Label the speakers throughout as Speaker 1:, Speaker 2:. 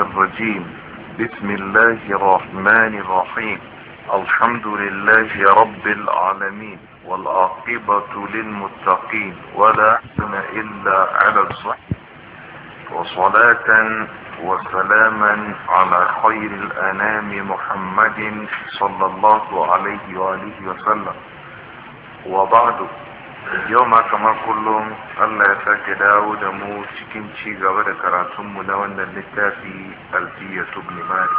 Speaker 1: الرجيم بسم الله الرحمن الرحيم الحمد لله رب العالمين والعاقبة للمتقين ولا حسن إلا على الصحيح وصلاة وسلاما على خير الأنام محمد صلى الله عليه وآله وسلم وبعد yau ma kamar kullum allah ya sake dawo da mu cikin ci gaba da karatunmu na wannan littafi alfiya sublimari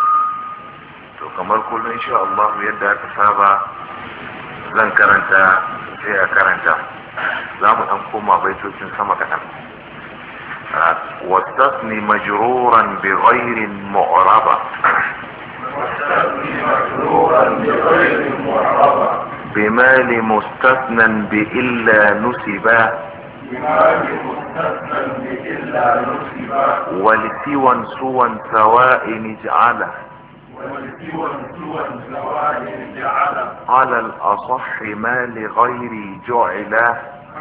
Speaker 1: to kamar kullum insha Allah yadda aka saba zan karanta sai a karanta za mu ɗan koma baitocin sama kaɗan wastasni majruran bi ghairin mu'raba المال مستثنى بإلا نسبا ولسوى سوى سواء اجعله على الأصح ما لغيري جعله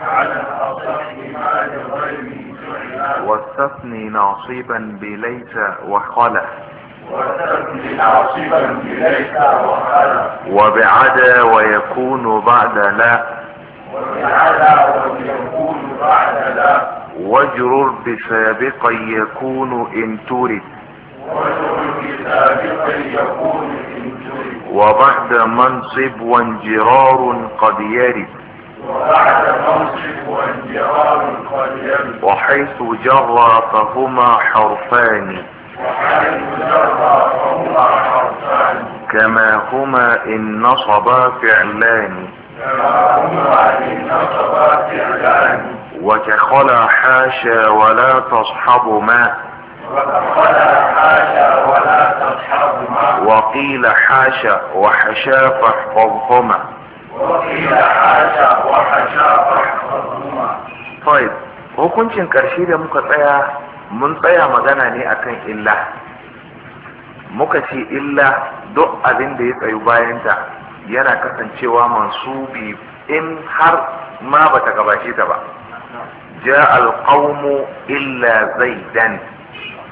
Speaker 1: على
Speaker 2: الأصح ما لغيري جعله
Speaker 1: واستثني ناصبا بليس وخله وبعدا ويكون بعد لا وجرر بسابقا يكون ان ترد
Speaker 2: وبعد
Speaker 1: منصب وانجرار قد يرد وحيث جرى فهما حرفان وحيث جرى كما هما إن نصبا فعلان وكخلا حاشا ولا تصحب ما وقيل حاشا وحشا فاحفظهما
Speaker 2: وقيل حاشا وحشا فاحفظهما
Speaker 1: طيب hukuncin karshe da muka tsaya mun tsaya magana ne akan illa muka ce illa duk abin da ya tsayu bayanta yana kasancewa mansubi in har ma ba ta gabace ta ba ja alƙaumu illa zaidan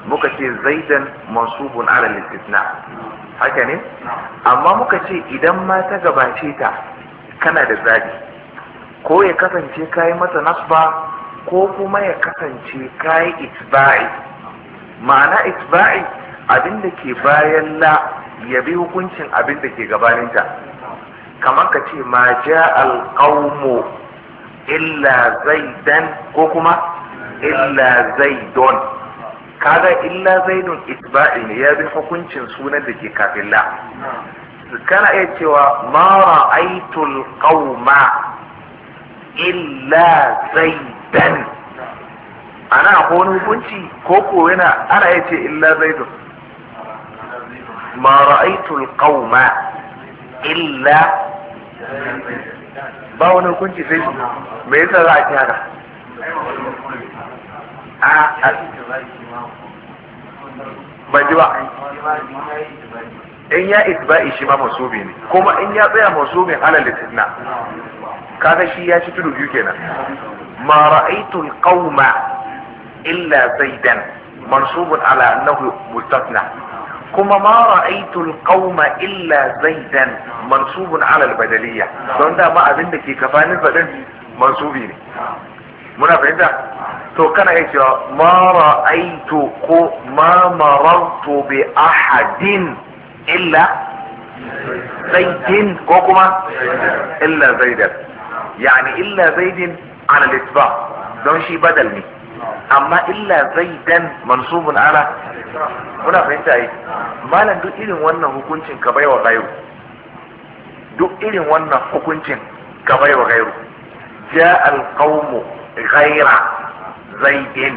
Speaker 1: muka ce zaidan mansubun ala istisna haka ne amma muka ce idan ma ta gabace ta kana da zabi ko ya kasance kayi mata nasba ko kuma ya kasance kayi itba'i ma'ana itba'i abinda ke bayan la ya bi hukuncin abin da ke gabaninta kamar ka ce ma ja alƙaumo illa zaidan ko kuma illa zaidon kaga illa zaidun isba'i ne ya bi hukuncin sunan da ke kafin kana iya cewa ma ra'aitul qauma illa zaidan ana hukunci ko ko yana ana iya ce illa zaidun ما رأيت القوم إلا باو نو كنتي في ميزا رأيت هذا بجوا إن يا إتباع إشما مصوبين كما إن يا بيا مصوبين على الاتنا كذا شيء يا شتلو بيوكينا ما رأيت القوم إلا زيدا منصوب على أنه مستثنى كما ما رأيت القوم إلا زيدا منصوب على البدلية فعندها ما أبنك كي كفاني فدن منصوبين منا فعندها تو كان يتوى ما رأيت ما مررت بأحد إلا زيد كوكما إلا زيدا يعني إلا زيد على الإتباع دون شي بدل مني amma illa zaidan mansubun ala muna fahimta yi malam duk irin wannan hukuncin ka baiwa gairu duk irin wannan hukuncin ka baiwa gairu ja alqawmu ghaira zaidin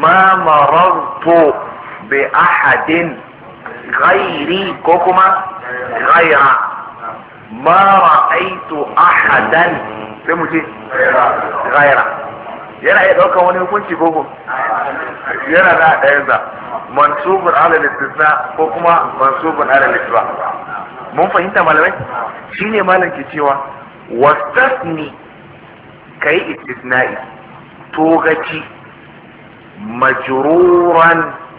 Speaker 1: ma marartu bi ahadin ghairi ko kuma ghaira ma ra'aitu ahadan sai mu ce ghaira yana iya ɗaukar wani hukunci boko yana da ɗayan sa mansubun ala ko kuma mansubun ala mun fahimta malamai shine malam ke cewa wastasni kai istisna'i togaci majruran